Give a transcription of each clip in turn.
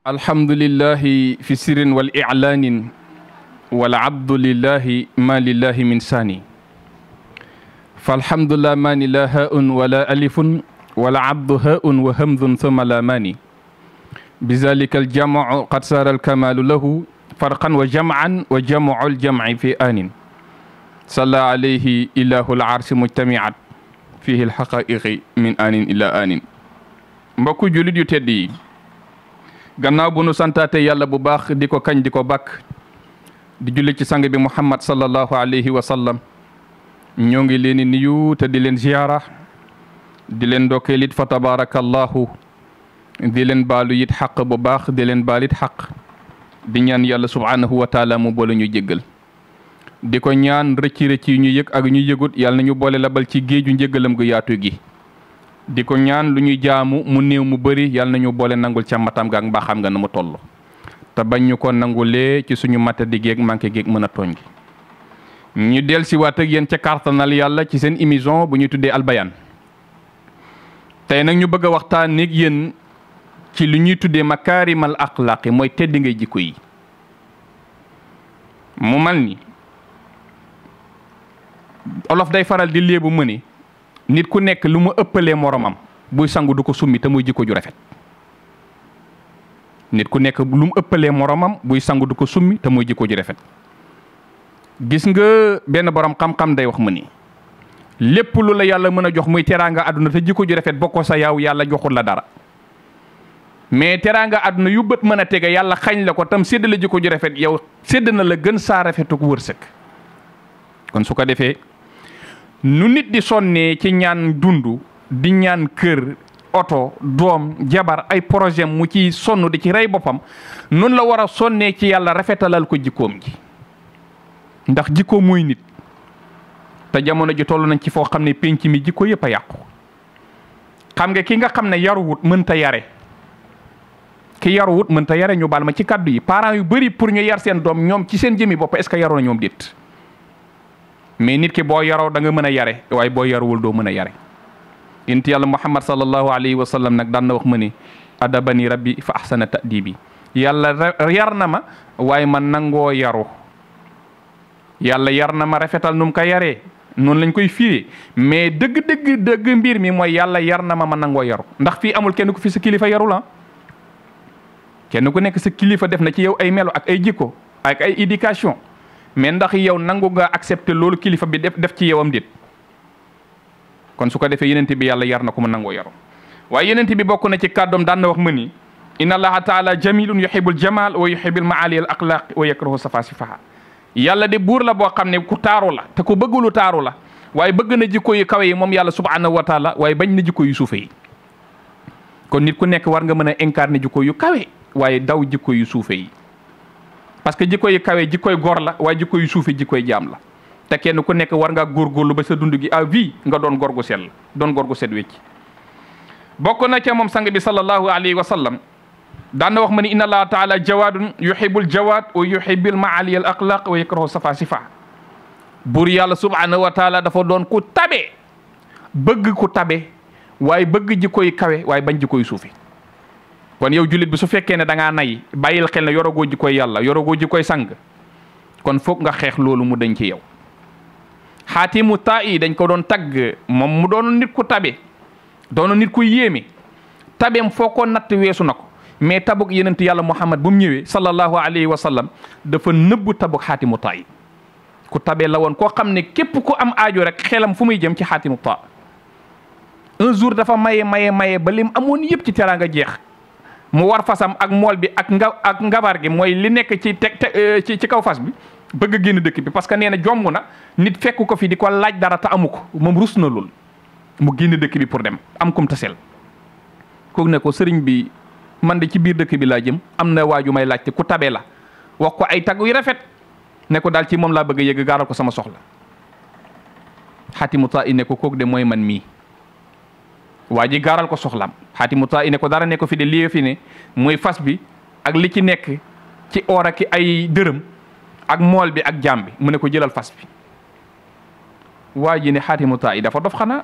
alhamdulillahi fi sirin wal ilaanin wal abdulillahi ma lillahi min saani falhamdulillah maani la haun wala alifun wala abdu haun wa hamdun thumma la maani bizalika aljamu qad sara alkamalu lahu farqan wa jam'an wa jamu aljamci fi aanin salla alayhi ilahu alarsi mujtamiat fihi alxaqaiqi min aanin ila aanin mbokku julit yu tedd yi gannaaw bu nu santaate yàlla bu baax di ko kañ di ko bàkk di julli ci sang bi muhammad sallallahu alayhi wa sallam ñoo ngi leen di nuyu te di leen ziyaara di leen ndokkeel it fa tabarakallahu di leen baalu yit xaq bu baax di leen baal it di ñaan yàlla subhanahu wa taala mu boole ñu jéggal di ko ñaan rëcci rëcci ñu yëg ak ñu yëgut yàlla na ñu boole labal ci géeju njëggalam gu yaatu gi di ko ñaan lu ñuy jaamu mu néew mu bëri na ñu boole nangul ca matam ga ak mbaaxam nga na mu toll te bañ ñu ko nangulee ci suñu mata di géeg manqué géeg mën a tooñ gi ñu del si waat yéen ca kartanal yàlla ci seen émission bu ñuy tuddee albayaan tey nag ñu bëgg a waxtaan ak yéen ci lu ñuy tuddee ma makaarimal axlaaqi mooy tedd ngay jikko yi mu mal ni olof day faral di léebu mëni nit ku nekk lu mu ëppalee moromam buy sangu ko summi te muy jikko ju rafet nit ku nekk lu mu ëppalee moromam buy sangu ko summi te muy jikko ju rafet gis nga benn borom xam-xam day wax ma ni lépp lu la yàlla mën a jox muy teraanga àdduna te jikko ju rafet bokkoo sa yaw yàlla joxul la dara mais teraanga àdduna yu bët mën a tege yàlla xañ la ko tam sédd la jikko ju rafet yow sédd na la gën saa rafetuk wërsëg kon su ko defee nu nit di sonnee ci ñaan dundu di ñaan kër oto doom jabar ay projet mu ci sonn di ci rey boppam noonu la war a sonnee ci yàlla rafetalal ko jikkoom ji ndax jikko muy nit te jamono ji toll nañ ci foo xam ne penc mi jikko yëpp a yàqu xam nga ki nga xam ne yaruwut mën mënta yare ki yaruwut mënta yare ñu baal ma ci kàddu yi parents yu bëri pour ñu yar seen doom ñoom ci seen jëmi bopp est-ce que yaru na ñoom déet mais nit ki boo yaroo da nga mën a yare waaye boo yaruwul doo mën a yare yonent yàlla muhammad sallallahu alayhi wa sallam nag daan na wax ma ni adabani rabbi fa ahsana ta'dibi yàlla yar na ma waaye ma nangoo yaru yàlla yar na ma rafetal nu mu ko yaree noonu lañ koy firi mais dëgg dëgg dëgg mbir mi mooy yàlla yar na ma ma nangoo yaru ndax fii amul kenn ku fi sa kilifa yaru la kenn ku nekk sa kilifa def na ci yow ay melo ak ay jikko ak ay éducation mais ndax yow nangu nga accepté loolu kilifa bi def def ci yowam dit kon su ko defee yenente bi yàlla yar na ko mu nangoo yaru waaye yenente bi bokk na ci kàddoom daan na wax më ni inna allaha taala jamilun yuhibul jamal wa yuhibul maali al axlaq wa yakrahu safasifaha yàlla de buur la boo xam ne ku taaru la te ku bëggulu taaru la waaye bëgg na jikko yu kawe yi moom yàlla subhanahu wa taala waaye bañ na jikko yu suufe kon nit ku nekk war nga mën a incarner jikko yu kawe waaye daw jikko yu suufe yi parce que jikko kawe jikkoy gor la waaye jikko yu suufe jikkoy jaam la te kenn ku nekk war ngaa góorgóorlu ba sa dund gi à vie nga doon gor gu sell doon gor gu bokk na ca moom sang bi sallallahu alayhi wa sallam wax ma ni inna allah taala jawaadun yuhibul jawaad wa yuhibul maali al axlaq wa yakrahu safa sifa buur yàlla subhanahu wa dafa doon ku tabe bëgg ku tabe waaye bëgg jikkoy kawe waaye bañ jikkoy suufe kon yow jullit bi su fekkee ne da nay bàyyil xel ne yoragoo ji koy yàlla yoragoo ji koy sang kon foog nga xeex loolu mu dañ ci yow xaatimu taa yi dañ ko doon tagg moom mu doon nit ku tabe doon nit ku yéeme tabeem foo ko natt weesu na ko mais tabuk yenent yàlla muhammad bu mu ñëwee sallallahu alayhi wa sallam dafa nëbbu tabuk xaatimu taa ku tabe la woon koo xam ne képp ku am aajo xelam fu muy jëm ci xaatimu taa un jour dafa maye maye maye ba mu amoon yëpp ci teraanga jeex. mu war fasam ak mool bi ak nga ak ngabar gi mooy li nekk ci teg euh, ci ci kaw fas bi bëgg génn dëkk bi parce que nee na jomb na nit fekk ko fi di ko laaj dara te amu ko moom rus na lool mu génn dëkk bi pour dem am kum tasel kooku ne ko sëriñ bi man de ci biir dëkk bi laa jëm am na waaju may laajte ku tabee la wax ko ay tag yu rafet nekku daal ci moom laa bëgg a yëgg gaaral ko sama soxla xatimu taa i ne ko kook de mooy man mii waa ji gaaral ko soxlaam xaatimu taa i ne ko dara ne ko fi de lii fi ne muy fas bi ak li ci nekk ci or ak ay dërëm ak mool bi ak jaam bi mu ne ko jëlal fas bi waa ji ne xaatimu taa i dafa dof xana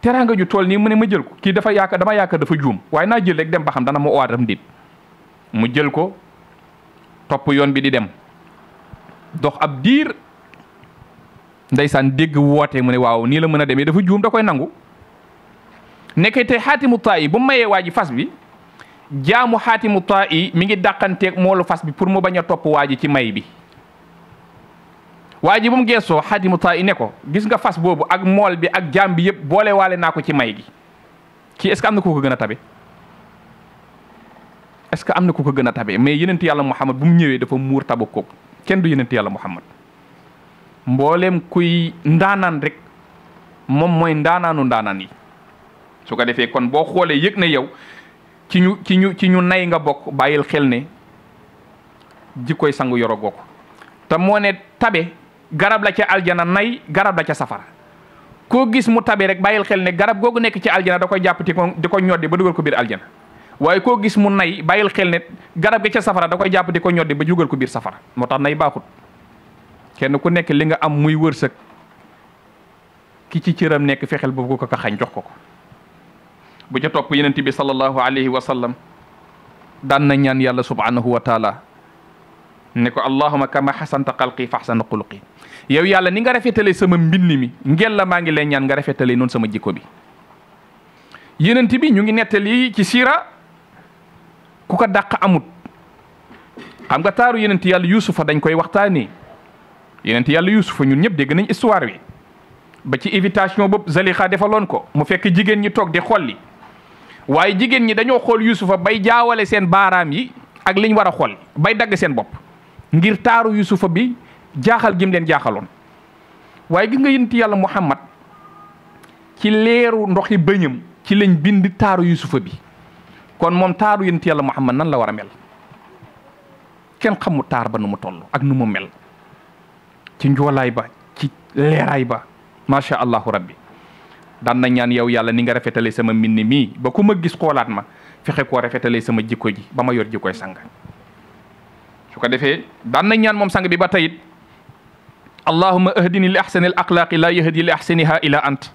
teraanga ju tool nii mu ne ma jël ko kii dafa yaakaar dama yaakaar dafa juum waaye naa jël rek dem ba dana ma owaat ram dit mu jël ko topp yoon bi di dem dox ab diir ndeysaan dégg woote mu ne waaw nii la mën a demee dafa juum da koy nangu nekkete xaatimu taa yi bu mayee waa ji fas bi jaamu xaatimu taa yi mi ngi dàqanteeg moolu fas bi pour mu bañ a topp waa ji ci may bi waa ji bu mu geesoo xaatimu taa yi ne ko gis nga fas boobu ak mool bi ak jaam bi yëpp boole waale naa ko ci may bi kii est am na ku ko gën a tabe est que am na ku ko gën a tabe mais yeneen ti yàlla Muhammad bu mu ñëwee dafa muur tabu ko kenn du yenent yàlla Muhammad mbooleem kuy ndaanaan rek moom mooy ndaanaanu ndaanaan yi su ko defee kon boo xoolee yëg ne yow ci ñu ci ñu ci ñu nay nga bokk bàyyil xel ne jikkoy sangu yoro goo ko te moo ne tabe garab la ca aljana nay garab la ca safara koo gis mu tabe rek bàyyil xel ne garab googu nekk ci aljana da koy jàppati di ko ñoddi ba dugal ko biir aljana waaye koo gis mu nay bàyyil xel ne garab ga ca safara da koy jàpp di ko ñoddi ba jugal ko biir safara moo tax nay baaxut kenn ku nekk li nga am muy wërsëg ki ci cëram nekk fexeel boobu ko ko xañ jox ko ko bu ca topp yenent bi sallallahu alayhi wa sallam daan na ñaan yàlla subhanahu wa taala ne ko allahuma kama xasanta xalqi faxsana xuluqi yow yàlla ni nga rafetale sama mbind mi ngel la maa ngi lay ñaan nga rafetale noon sama jikko bi yenent bi ñu ngi nettali ci siira ku ko dàq amut xam nga taaru yenent yàlla yuusufa dañ koy waxtaanee yenent yàlla yuusufa ñun ñëpp dégg nañ histoire wi ba ci invitation boobu Zalixa defaloon ko mu fekk jigéen ñi toog di xolli waaye jigéen ñi dañoo xool yusufa bay jaawale seen baaraam yi ak liñ war a xool bay dagg seen bopp ngir taaru yusufa bi jaaxal gim leen jaaxaloon waaye gi nga yënt yàlla muhammad ci leeru ndoxi bëñam ci lañ bind taaru yusufa bi kon moom taaru yënt yàlla muhammad nan la war a mel kenn xamu taar ba nu mu toll ak nu mu mel ci njoolaay ba ci leeraay ba macha allahu rabbi daan na ñaan yow yàlla ni nga rafetale sama mbind mii ba ku ma gis koolaat ma fexe koo rafetale sama jikko ji ba ma yor jikkoy sang su ko defee daan na ñaan moom sang bi ba tayit allahuma ahdini li ahsani al axlaaqi laa yahdi li ahsaniha ila ant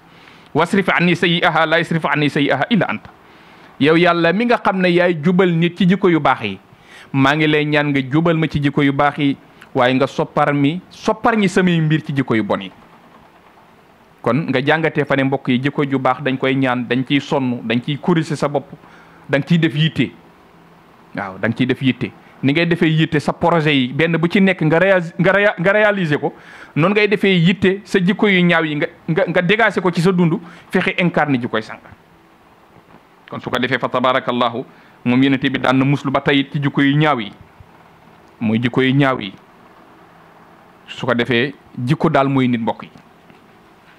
wasrif anni sayyi'aha laa yasrif anni sayyi'aha ila ant yow yàlla mi nga xam ne yaay jubal nit ci jikko yu baax yi maa ngi lay ñaan nga jubal ma ci jikko yu baax yi waaye nga soppar mi soppar ñi samay mbir ci jikko yu bon yi kon nga jàngatee fa ne mbokk yi jikko ju baax dañ koy ñaan dañ ciy sonn dañ ciy corriger sa bopp da nga ciy def yitte waaw da nga ciy def yitte ni ngay defee yitte sa projet yi benn bu ci nekk nga nga réaliser ko noonu ngay defee yitte sa jikko yu ñaaw yi nga nga nga dégager ko ci sa dund fexe incarné ji koy sànq kon su ko defee fa tabarakallahu moom yonent bi daan na muslu ba tey ci jikko yu ñaaw yi mooy jikko yu ñaaw yi su ko defee jikko daal mooy nit mbokk yi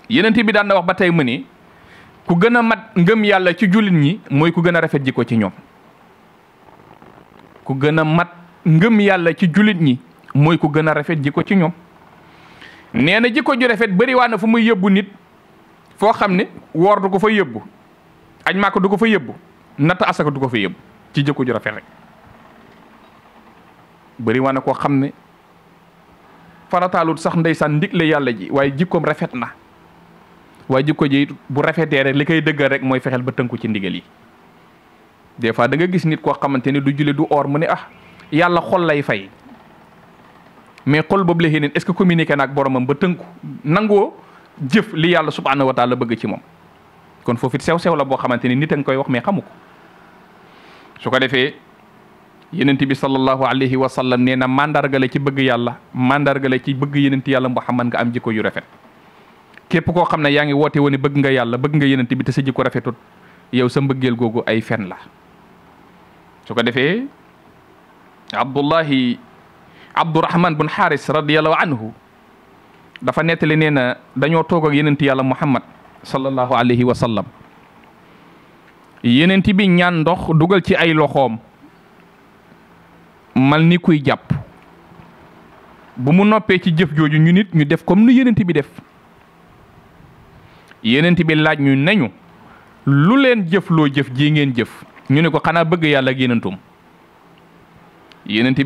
yenent bi daan na wax ba tey ma ni ku gën a mat ngëm yàlla ci jullit ñi mooy ku gën a rafet jikko ci ñoom ku gën a mat ngëm yàlla ci jullit ñi mooy ku gën a rafet jikko ci ñoom nee na jikko ju rafet bëri na fu muy yëbbu nit foo xam ne woor du ko fa yëbbu aj maaka du ko fa yëbbu natt asaka du ko fa yëbbu ci jikko ju rafet rek bëri waa na koo xam ne farataalut sax ndeysaan ndigle yàlla ji waaye jikkoom rafet na waa jikko ji bu rafetee rek li koy dëggal rek mooy fexeel ba tënku ci ndigal yi des fois da nga gis nit koo xamante ni du julli du or mu ne ah yàlla xol lay fay mais xol boob la xéeneen est-ce que communiqué naag boromam ba tënku nangoo jëf li yàlla subhanahu wa taala bëgg ci moom kon foofu it sew-sew la boo xamante ni nit a ngi koy wax mais xamu ko su ko defee yenent bi sallallahu alayhi wa sallam nee na mandarga la ci bëgg yàlla mandarga la ci bëgg yenent yàlla muhammad nga am jikko yu rafet képp koo xam ne yaa ngi woote woon bëgg nga yàlla bëgg nga yenent bi te sa jikko rafetut yow sa mbëggeel googu ay fen la su ko defee abdullahi abdurahman bun xaaris radiallahu anhu dafa nettali nee na dañoo toog ak yenent yàlla muhammad sallallahu alayhi wa sallam yenent bi ñaan ndox dugal ci ay loxoom mal ni kuy jàpp bu mu noppee ci jëf jooju ñu nit ñu def comme nu yenent bi def yenent bi laaj ñu nañu lu leen jëf loo jëf jii ngeen jëf ñu ne ko xanaa bëgg yàlla ak yenentum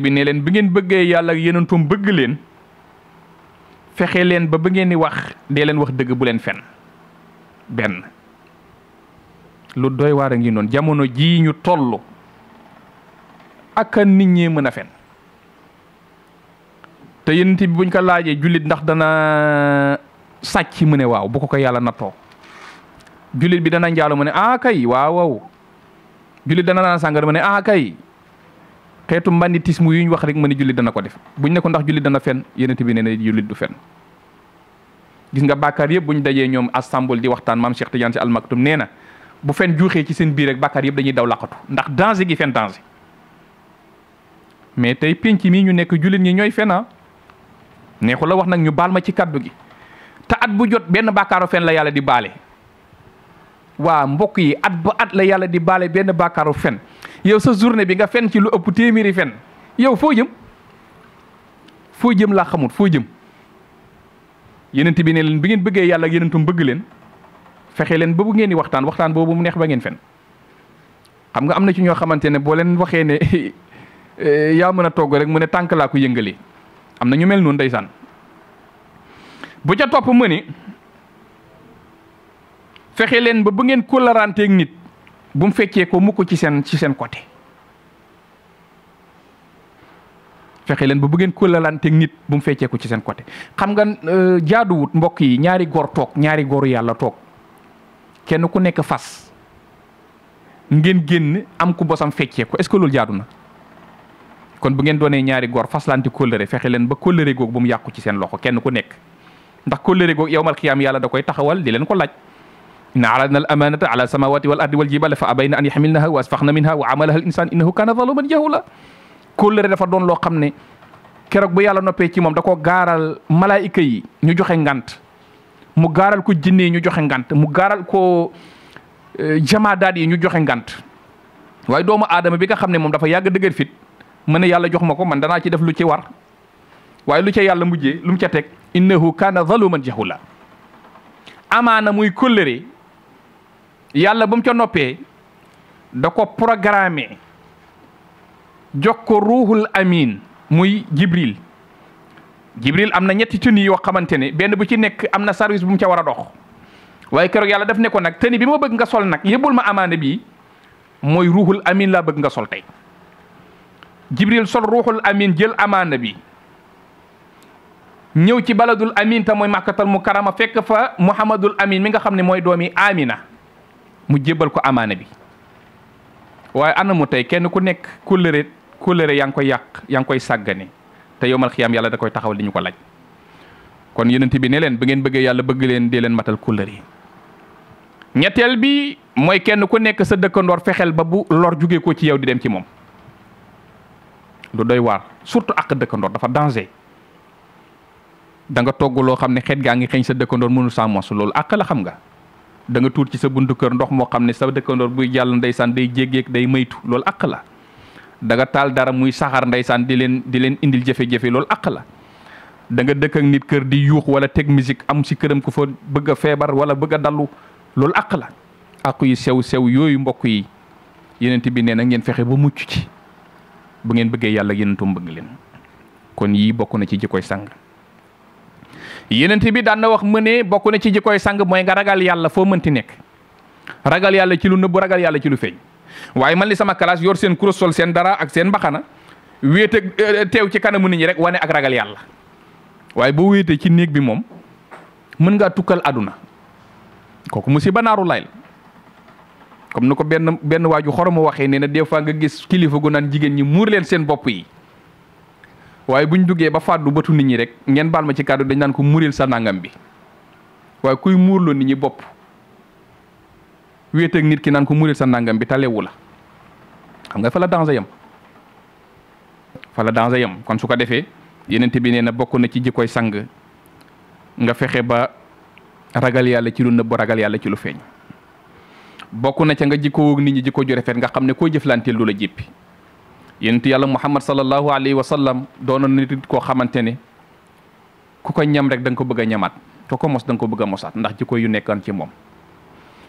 bi ne leen bi ngeen bëggee yàlla ak yenentum bëgg leen fexe leen ba ba di wax dee leen wax dëgg bu leen fen benn lu doy waar a ngi noonu jamono jii ñu toll aka nit ñi mën a fen te yenent bi buñ ko laajee jullit ndax dana sàcc mu ne waaw bu ko ko yàlla nattoo jullit bi dana njaalu mu ne ah kay waaw waaw jullit dana naan sàngara mu ne ah kay xeetu banditisme yu ñu wax rek mu ne jullit dana ko def buñ ne ndax jullit dana fen yenent bi ne ne jullit du fen gis nga bàkkaar yëpp buñ dajee ñoom assemble di waxtaan maam Cheikh Tidiane si almaktum nee na bu fen juuxee ci seen biir rek bàkkaar yëpp dañuy daw laqatu ndax danger gi fen mais tey penc mi ñu nekk jullit ñi ñooy fena ah. neexu wax nag ñu baal ma ci kaddu gi te at bu jot benn bàkkaaru fen la yàlla di baale waa mbokk yi at ba at la yàlla di baale benn bàkkaaru fen yow sa journée bi nga fen ci lu ëpp téeméeri fen yow foo jëm foo jëm laa xamut foo jëm yenent bi ne leen bi ngeen bëggee yàlla ak yenentum bëgg leen fexe leen ba bu ngeen di waxtaan waxtaan boobu mu neex ba ngeen fen xam nga am na ci ñoo xamante ne boo leen waxee ne eh, yaa mën a togg rek mu ne tànk laa ko yëngalee am na ñu mel noonu ndeysaan bu ca topp ma ni fexe leen ba bu ngeen kóllaranteeg nit bu mu fekkee ko mukk ci seen ci seen côté fexe leen ba bu ngeen kóllaranteeg nit bu mu fekkee ko ci seen côté xam nga euh, jaaduwut mbokk yi ñaari goor toog ñaari góoru yàlla toog kenn ku nekk fas ngeen génn am ku bosam fekkee ko est-ce que loolu jaadu na kon bu ngeen doonee ñaari góor faslante kóllëre fexe leen ba kóllëre googu bu mu yàqu ci seen loxo kenn ku nekk ndax kóllëre googu yowmal qiyaam yàlla da koy taxawal di leen ko laaj inna aradna al amanata ala samawati wal ardi wal jibali fa abayna an yaxmilnaha wa asfaxna minha wa amalaha al insan innahu kana zaluman jahula kóllëre dafa doon loo xam ne keroog bu yàlla noppee ci moom da ko gaaral malaayika yi ñu joxe ngant mu gaaral ko jinne yi ñu joxe ngant mu gaaral ko e, jamaadaat yi ñu joxe ngant waaye doomu aadama bi nga xam ne moom dafa yàgg dëgër fit mën na yàlla jox ma ko man danaa ci def lu ci war waaye lu ca yàlla mujjee lu mu ca teg innahu kaana zaluman jahula amaana muy kóllëre yàlla ba mu ca noppee da ko programme jox ko amiin muy jibril jibril am na ñetti tëni yoo xamante ne benn bu ci nekk am na service bu mu ca war a dox waaye keroog yàlla daf ne nag tëni bi ma bëgg nga sol nag yëbbul ma amaana bi mooy ruuhul amin laa bëgg nga sol tey jibril sol ruuxul amin jël amaana bi ñëw ci baladul amin te mooy màkkatal mu karama fekk fa muhammadul amin mi nga xam ne mooy doomi amina mu jébbal ko amaana bi waaye ana mu tey kenn ku nekk kóllëre kóllëre yaa ngi koy yàq yaa ngi koy sàggane te yowmal xiyaam yàlla da koy taxaw li ko laaj kon yonent bi ne leen ba ngeen bëggee yàlla bëgg leen dee leen matal kóllëre ñetteel bi mooy kenn ku nekk sa dëkkandoor fexeel ba bu lor jugee ko ci yow di dem ci moom lu doy waar surtout ak dëkkandoor dafa danger da nga togg loo xam ne xeet gaa ngi xeeñ sa dëkkandoor mënu saa mos loolu àq la xam nga danga nga tuur ci sa buntu kër ndox moo xam ne sa dëkkandoor buy jàll ndeysaan day jéggeeg day maytu loolu àq la danga taal dara muy saxaar ndeysaan di leen di leen indil jafe-jafe loolu àq la da nga dëkk ak nit kër di yuux wala teg musique am si këram ku fa bëgg feebar wala bëgg dallu loolu àq la àq yu sew sew yooyu mbokk yi yenent bi nee na ngeen fexe ba mucc ci bu ngeen bëggee yàlla yenentum bëgg leen kon yii bokk na ci jikkoy sang yenent bi daan na wax mënee bokk na ci jikkoy sang mooy nga ragal yàlla foo mënti nekk ragal yàlla ci lu nëbbu ragal yàlla ci lu feeñ waaye man ni sama classe yor seen kurus sol seen dara ak seen mbaxana wéete euh, teew ci kanamu nit ñi rek wane ak ragal yàlla waaye boo wéetee ci néeg bi moom mën ngaa tukkal àdduna kooku musiba naaru lay la comme ni ko benn benn waaju xoromu waxee nee na des fois nga gis kilifa gu naan jigéen ñi muur leen seen bopp yi waaye bu ñu duggee ba fàddu bëtu nit ñi rek ngeen baal ma ci kàddu dañ naan ko muril sa nangam bi waaye kuy muurloo nit ñi bopp wéet nit ki naan ko muril sa nangam bi talewu la xam nga fa la danger yam fa la danger yam kon su ko defee yenente bi nee na bokk na ci jikkoy sang nga fexe ba ragal yàlla ci lu nëbb ragal yàlla ci lu feeñ bokk na ca nga jikkoo nit ñi jikko ju nga xam ne koo jëflanteel du la jéppi yonent yàlla muhammad sallallahu alayhi wa sallam doonoon nit koo xamante ne ku ko ñam rek danga ko bëgg a ñamaat ku ko mos da ko bëgg a mosaat ndax jikko yu nekkoon ci moom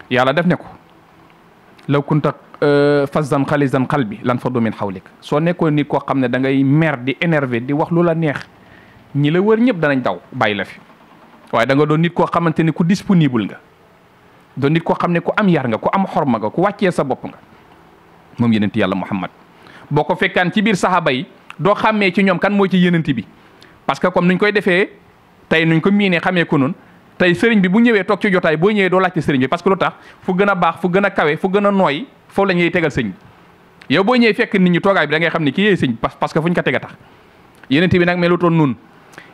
yàlla def ne ko law kunta euh, fazzan xalizan qalbi lan faddu min xawlik soo nekkoo nit koo xam ne da ngay mer di énervé di wax lu la neex ñi la wër ñëpp danañ daw bàyyi la fi waaye da nga doon nit koo xamante ne ku disponible nga doon nit koo xam ne ku am yar nga ku am xorma nga ku wàccee sa bopp nga moom yonent yàlla muhammad boo ko fekkaan ci biir saxaaba yi doo xàmmee ci ñoom kan mooy ci yénant bi parce que comme nuñ koy defee tey nuñ ko miinee xamee ko noon tey sëriñ bi bu ñëwee toog ci jotaay boo ñëwee doo laajte sëriñ que lu tax fu a baax fu gën a kawe fu gën a nooy foofu la ñuy sëñ bi yow boo ñëwee fekk nit ñi toogaay bi da ngay xam ne kii yee sëñ parce que fu ñu ko teg a tax yénant bi nag melutoon noonu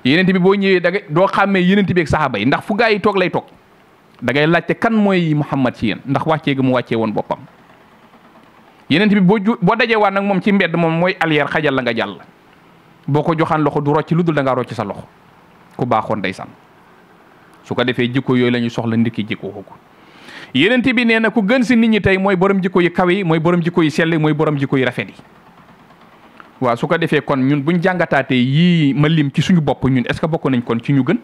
yénant bi boo ñëwee da nga doo xàmmee yénant bi ak saxaaba yi ndax fu gaa yi toog lay toog da laajte kan mooy Muhammad ci yen ndax wàccee gi mu wàccee woon boppam yeneen bi boo boo dajee waan nag moom ci mbedd moom mooy allière xajal la nga jàll boo ko joxaan loxo du rocc lu dul da ngaa rocc sa loxo ku baaxoon day san su ko defee jikko yooyu lañuy ñu soxla ndikki jikko ko yeneen bi nee na ku gën si nit ñi tey mooy borom jikko yu kaw yi mooy borom jikko yu sell mooy borom jikko yu rafet yi waaw su ko defee kon ñun buñ jàngataatee yii ma lim ci suñu bopp ñun est-ce que bokk nañ kon ci ñu gën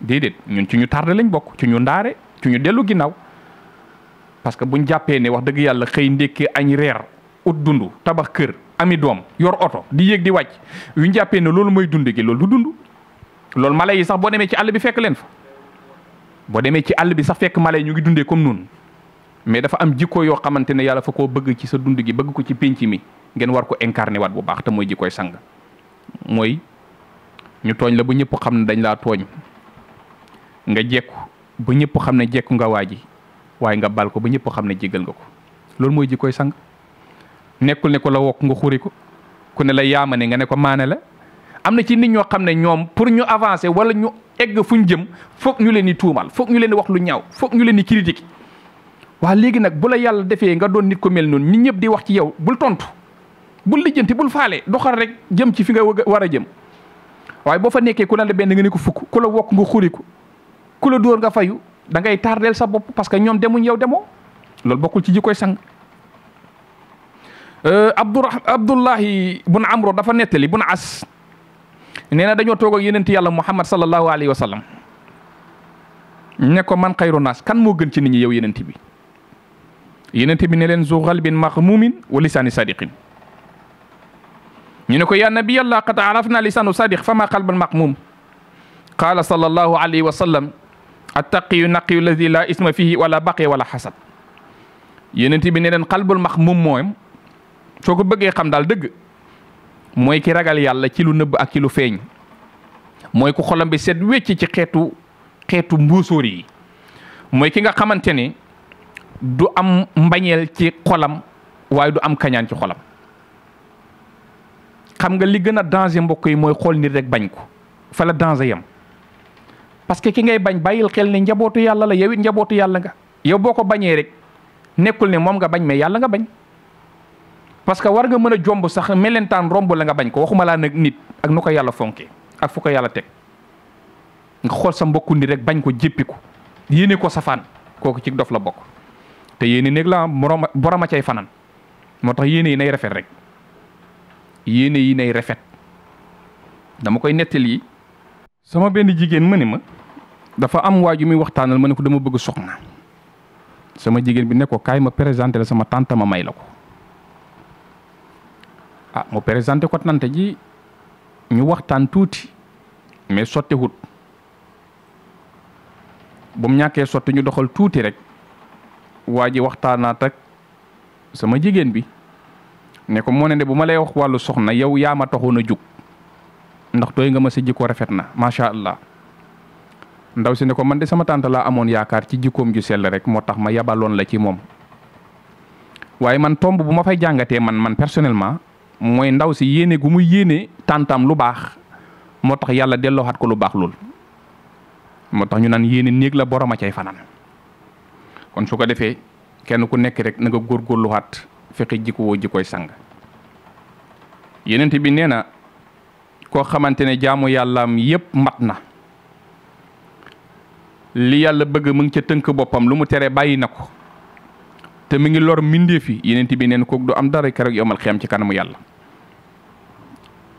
déedéet ñun ci ñu tardé lañ bokk ci ñu ndaare ci ñu dellu ginnaaw parce que buñ jàppee ne wax dëgg yàlla xëy ndékki añ reer ut dund tabax kër ami doom yor oto di yéeg di wàcc yuñ jàppee ne loolu mooy dund gi loolu du dund lool mala yi sax boo demee ci àll bi fekk leen fa boo demee ci àll bi sax fekk mala yi ñu ngi dundee comme noonu mais dafa am jikko yoo xamante ne yàlla foo koo bëgg ci sa dund gi bëgg ko ci pénc mi ngeen war ko incarné waat bu baax te mooy jikkoy sang mooy ñu tooñ la ba ñëpp xam ne dañ laa tooñ nga jekku bu ñëpp xam ne jekku nga waa ji waaye nga baal ko ba ñëpp xam ne jégal nga ko loolu mooy jikkoy sang nekkul ne ko la wokk nga xuri ko ku ne la yaama ne nga ne ko maane la am na ci nit ñoo xam ne ñoom pour ñu avancer wala ñu egg fuñ jëm foog ñu leen di tuumal foog ñu leen wax lu ñaaw foog ñu leen di critiquer waa léegi nag bu la yàlla defee nga doon nit ko mel noonu ñëpp di wax ci yow bul tontu bul lijjanti bul faale doxal rek jëm ci fi nga war a jëm waaye boo fa nekkee ku ne la benn nga ne fukk ku wokk nga xuri ko ku la dóor nga fayu da ngay tardeel sa bopp parce que ñoom demuñ yow demoo loolu bokkul ci ji koy sang euh, Abdourah Abdullahi bun Amro dafa nettali bun As nee na dañoo toog ak yonent yàlla Muhammad sallallahu alayhi wa sallam man xayru naas kan moo gën ci ni ñu yow yonent bi yonent bi ne leen zu xalbin maxmumin wa lisaani sadiqin ñu ne ko yaa nabiyallah qad arafna lisaanu sadiq fa ma qalban maxmum qaala sallallahu alayhi wa sallam attaqiyu naqiyu lazi la isma fihi wala baqe wala xasad yonent bi ne leen xalbul maxmuum moom soo ko bëggee xam daal dëgg mooy ki ragal yàlla ci lu nëbb ak ci lu feeñ mooy ku xolam bi set wecc ci xeetu xeetu mbuusóor yi mooy ki nga xamante ni du am mbañeel ci xolam waaye du am kañaan ci xolam xam nga li gën a danger mbokk yi mooy xool nit rek bañ ko fa la danger yam parce que ki ngay bañ bàyyil xel ne njabootu yàlla la yow it njabootu yàlla nga yow boo ko bañee rek nekkul ne moom nga bañ mais yàlla nga bañ parce que war nga mën a jomb sax melentaan romb la nga bañ ko waxuma laa nag nit ak nu ko yàlla fonke ak fu ko yàlla teg nga xool sa mbokku nit rek bañ ko jéppi ko yéene ko safaan kooku ci dof la bokk te yéene néeg la borom borom a cay fanan moo tax yéene yi nay rafet rek yéene yi nay rafet dama koy nettali sama benn jigéen ma ni ma dafa am waaju muy waxtaanal ma ne ko dama bëgg soxna sama jigéen bi ne ko kaay ma présenté la sama tante ma may la ko ah mu présenté ko tante ji ñu waxtaan tuuti mais sotti wut ba mu ñàkkee sotti ñu doxal tuuti rek waa ji waxtaanaat ak sama jigéen bi ne ko moo ne de bu ma lay wax wàllu soxna yow yaa ma taxoon a jóg ndax tooy nga ma sa jikko rafet na macha allah ndaw si ne ko man de sama tante laa amoon yaakaar ci jikkoom ju sell rek moo tax ma yabaloon la ci moom waaye man tomb bu ma fay jàngatee man man personnellement mooy ndaw si yéene gu muy yéene tàntam lu baax moo tax yàlla delloo dellooxaat ko lu baax lool moo tax ñu naan yéene néeg la borom a cay fanaan kon su ko defee kenn ku nekk rek na nga góorgóorluwaat fexe jikko woo jikkoy sang yeneen bi nee na koo xamante ne jaamu yàllaam yépp mat na li yàlla bëgg mu ngi ca tënk boppam lu mu tere bàyyi na ko te mi ngi lor mbindeef yi yeneen bi neen koog du am dara keroog yomal xiyam ci kanamu yàlla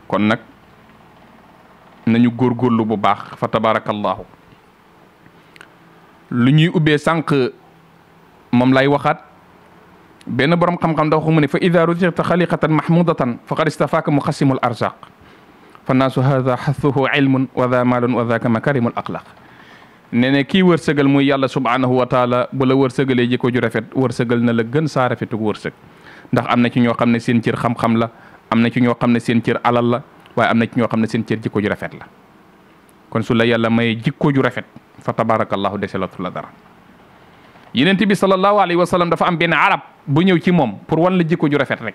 kon nag nañu góor góorlu bu baax fa tabaarakallaahu lu ñuy ubbee sànq moom lay waxaat benn borom xam-xam dafa mu ne fa ida rujita xaliqatan mahmudatan faqad istafaaka muqasimul arzaq fa naasu hada xathuhu ilmun wa dha maalun wa dhaka makarimul axlaq ne ne kii wërsëgal muy yàlla subhanahu wa taala bu la wërsëgalee jikko ju rafet na la gën saa rafetug wërsëg ndax am na ci ñoo xam ne seen cër xam-xam la am na ci ñoo xam ne seen cër alal la waaye am na ci ñoo xam ne seen cër jikko ju rafet la kon su la yalla yàlla mayee jikko ju rafet fa tabarakallahu deselatu la dara yenent bi sallallahu alayhi wa sallam dafa am benn arab bu ñëw ci moom pour wan la jikko ju rafet rek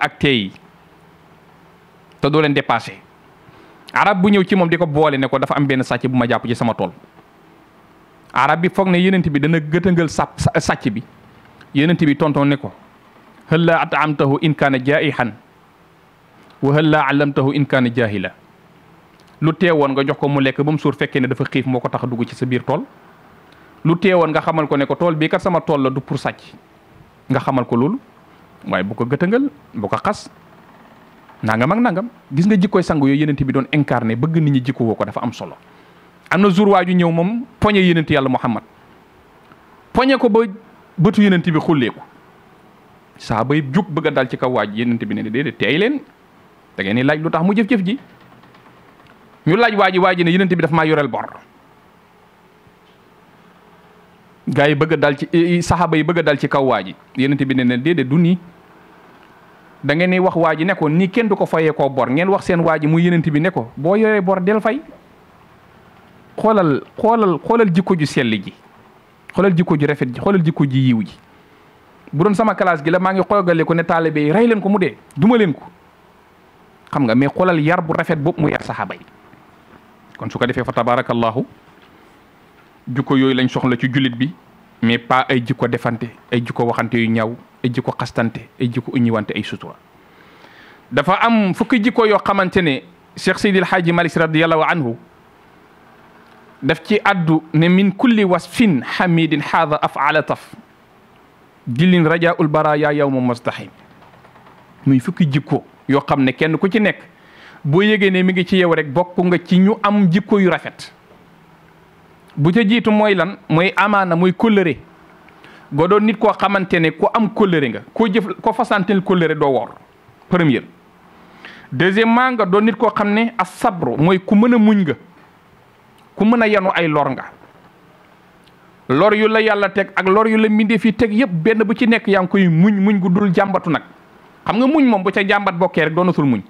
ak te doo leen dépassé arab bu ñëw ci moom di ko boole ne ko dafa am benn sàcc bu ma jàpp ci sama tool arab bi foog ne yenent bi dana gëtëngal sàpp sàcc bi yenent bi tontoon ne ko halla ataamtahu in kaana jaaixan wa halla allamtahu in kaana la lu teewoon nga jox ko mu lekk ba mu suur fekkee ne dafa xiif moo ko tax dugg ci sa biir tool lu teewoon nga xamal ko ne ko tool bii kat sama tool la du pour sàcc nga xamal ko loolu waaye bu ko gëtëngal bu ko xas nangam ak nangam gis nga jikkooy sang yooyu yenent bi doon incarné bëgg nit ñi jikko woo ko dafa am solo am na jour waa ju ñëw moom poñe yenent yàlla Muhammad poñe ko ba bëtu yenent bi xullee ko saa bay jug bëgg a dal ci kaw waaj yenent bi ne déedéet teey leen da ngeen ni laaj lu tax mu jëf-jëf ji ñu laaj waa ji waa ji ne yenent bi daf maa yoreel bor gars yi bëgg a dal ci eh, eh, saxaaba yi bëgg dal ci kaw waa ji yenent bi ne du nii da ngeen ni wax waa ji ne nii kenn du ko fayee koo bor ngeen wax seen waa ji mu bi ne ko boo yoree bor del fay xoolal xoolal xoolal jikko ju sell ji xoolal jikko ju rafet ji xoolal jikko ji yiw ji bu doon sama classe gi la maa ngi xoogale ko ne taalibe yi rey leen ko mu dee duma leen ko xam nga mais xoolal yar bu rafet boobu mu yar saxaaba yi kon su ko defee fa tabarakallahu jikko yooyu lañ soxla ci julit bi mais pas ay jikko defante ay jikko waxante yu ñaaw ay jikko xastante ay jikko uñiwante ay sutura dafa am fukki jikko yoo xamante ne Cheikh Seydil Haaji Malick radiyallahu anhu daf ci addu ne min kulli wasfin hamidin haada afala taf dilin rajaul baraya yawma mustahim muy fukki jikko yoo xam ne kenn ku ci nekk boo yégee ne mi ngi ci yow rek bokk nga ci ñu am jikko yu rafet bu ca jiitu mooy lan mooy amaana muy kóllëre nga doon nit koo xamante ne ku am kóllëre nga koo jëf koo fasantel kóllëre doo woor première deuxièmement nga doon nit koo xam ne as sabru mooy ku mën a muñ nga ku mën a yenu ay lor nga lor yu la yàlla teg ak lor yu la mbindeef fii teg yëpp benn bu ci nekk yaa ngi koy muñ muñ gu dul jàmbatu nag xam nga muñ moom bu ca jàmbat bokkee rek doonatul muñ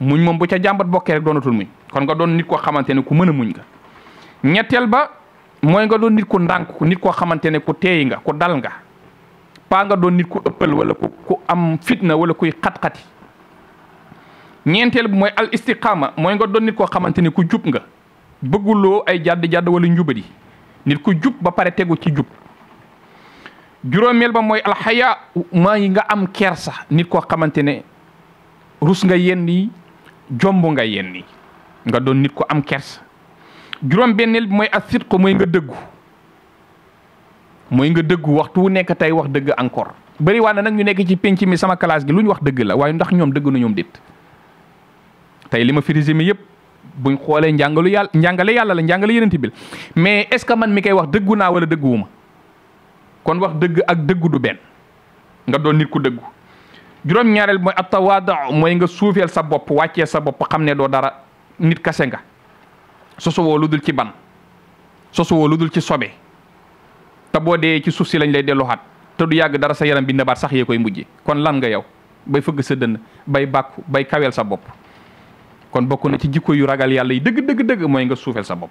muñ moom bu ca jàmbat bokkee rek doonatul muñ kon nga doon nit koo xamante ne ku mën a muñ nga ñetteel mooy nga doon nit ko ndànk nit koo xamante ne ko teey nga ko dal nga paa nga doon nit ku ëppal wala ku am fitna wala kuy xat-xati ñeenteel bi mooy al istiqaama mooy nga doon nit koo xamante ne ku jub nga bëgguloo ay jàdd jàdd wala njubadi nit ku jub ba pare tegu ci jub juróomeel ba mooy alxaya mooy nga am kersa nit koo xamante ne rus nga yenn yi jomb nga yenn yi nga doon nit ku am kersa juróom-benneel bi mooy sit ko mooy nga dëggu mooy nga dëggu waxtu wu nekk tey wax dëgg encore bëri waa na nag ñu nekk ci penc mi sama classe gi lu ñu wax dëgg la waaye ndax ñoom dëgg na ñoom déet tey li ma frisé mi yëpp buñ xoolee njàngalu yàlla njàngale yàlla la njàngale yënanti bil mais est ce que man mi koy wax dëggu naa wala dëgguwuma kon wax dëgg ak dëggu du benn nga doon nit ku dëggu juróom-ñaareel mooy at tawaada mooy nga suufeel sa bopp wàccee sa bopp xam ne doo dara nit kase nga sosuwoo lu dul ci ban sosuwoo lu dul ci sobe te boo dee ci suuf si lañ lay delluwaat te du yàgg dara sa yaram bi ndabaat sax yee koy mujje kon lan nga yow bay fëgg sa dënn bay bàkku bay kaweel sa bopp kon bokk na ci jikko yu ragal yàlla yi dëgg dëgg dëgg mooy nga suufeel sa bopp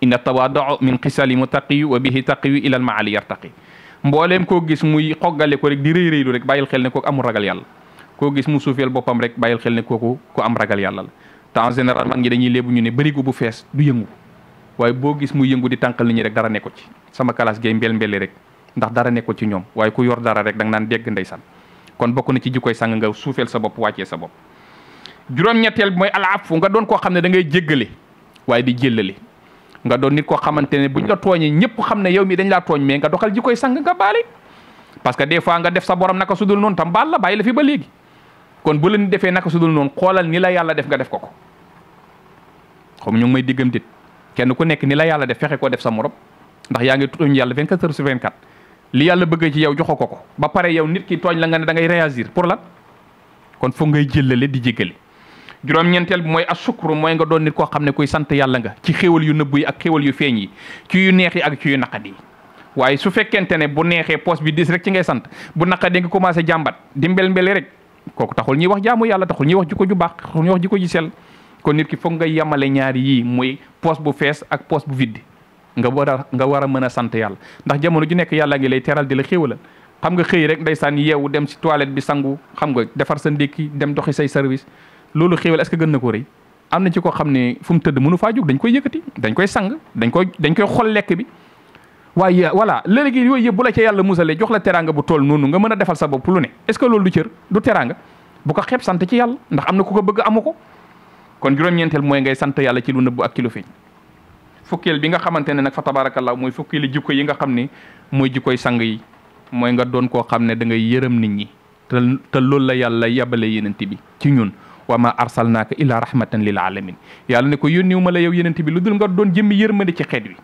inna tawaadao min xisali mutaqiyu wa bihi taqiyu ilal maali yartaqi mbooleem koo gis muy xoggale ko rek di rëy rëylu rek bàyyil xel ne kooku amul ragal yàlla koo gis mu suufeel boppam rek bàyyil xel ne kooku ku am ragal yàlla te en général mag ñi dañuy léebu ñu ne bërigo bu fees du yëngu waaye boo gis mu yëngu di tànqal nit ñi rek dara nekko ci sama classe gay mbel mbeli rek ndax dara nekko ci ñoom waaye ku yor dara rek da nga degg dégg ndeysaan kon bokk na ci jikkoy sang nga suufeel sa bopp wàccee sa bopp juróom-ñetteel bi mooy alaafu nga doon koo xam ne da ngay jéggale waaye di jéllale nga doon nit koo xamante ne buñ la tooñee ñëpp xam ne yow mi dañ laa tooñ mais nga doxal jikkoy sang nga baale parce que des fois nga def sa borom naka sudul noonu tam baal la bàyyi la fi ba léegi kon bu la ni defee naka sudul noonu xoolal ni la yàlla def nga def ko ko xom ñu ngi may kenn ku nekk ni la yàlla fexe koo def sa morom ndax yaa ngi tooñ yàlla 24 heures sur 24 li joxo ko ko ba pare yow ki tooñ la nga ne da ngay réagir pour lan kon foog ngay jëllale di jéggale juróom-ñeenteel bi mooy asukru mooy nga doon nit koo xam ne kuy sant yàlla nga ci xéwal yu nëbb yi ak xéwal yu feeñ yi ci yu neex yi ak ci yu naqadi waaye su fekkente ne bu neexee poos bi dis rek ci ngay sant bu naqadee nga commencé jàmbat di mbel mbeli rek kooku taxul ñuy wax jaamu yàlla taxul ñuy wax jikko ju baax taxul wax jikko ju sell kon nit ki foog nga yemale ñaari yii mooy poos bu fees ak poos bu vide nga war a nga war a mën a sant yàlla ndax jamono ju nekk yàlla ngi lay teral di la xéewalal xam nga xëy rek ndeysaan yeewu dem si toilette bi sangu xam nga defar sa ndékki dem doxi say service loolu xéewal est-ce gën na ko rëy am na ci koo xam ne fu mu tëdd mënu faa jóg dañ koy yëkkati dañ koy sang dañ koy dañ koy xol lekk bi waaye voilà léegi yooyu yëpp bu la ca yàlla musalee jox la teraanga bu toll noonu nga mën a bopp lu ne est-ce que loolu du cër ko sant ci yàlla ndax am na ku ko bëgg amu ko kon juróom-ñeenteel mooy ngay sant yàlla ci lu nëbbu ak ci lu bi nga xamante ne nag fa tabaarakallaa mooy fukkeeli jikko yi nga xam ne mooy jikkoy sang yi mooy nga doon koo xam ne da ngay yërëm nit ñi te te loolu la yàlla yabale yenent bi ci ñun wa ma arsalnaaka illa rahmatan lil alamin yàlla ne ko yónniwu ma la yow yenent bi lu dul nga doon jëmmi yërmande ci xeet wi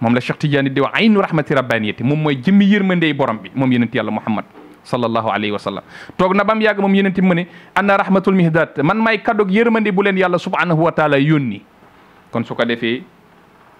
moom la Cheikh Tidiane di wax aynu rahmati rabbaniyati moom mooy jëmmi yërmandey borom bi moom yenent yàlla Muhammad sallallahu alayhi wa sallam toog na ba mu yàgg moom yeneen tamit mu ne anna rahmatul mihdat man may kaddoog yërmande bu leen yàlla subhanahu wa taala yónni kon su ko defee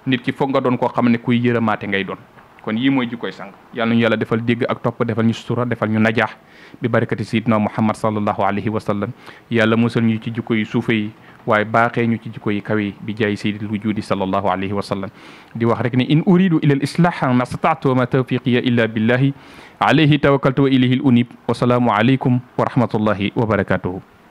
nit ki foog nga doon koo xam ne kuy yërëmaate ngay doon kon yii mooy jikkoy sang yàlla ñu yàlla defal dégg ak topp defal ñu sutura defal ñu najaax bi barakati sayidina muhammad sallallahu alayhi wa sallam yàlla musal ñu ci jikko yu suufe yi waaye baaxee ñu ci jikko yi kaw yi bi jaay sayyidil wujudi sallallahu alayhi wa sallam di wax rek ne in uridu ila al islah ma stata'tu wa ma tawfiqiya illa billahi alayhi tawakkaltu wa ilayhi al unib wa salaamu alaykum wa rahmatullahi wa barakatuhu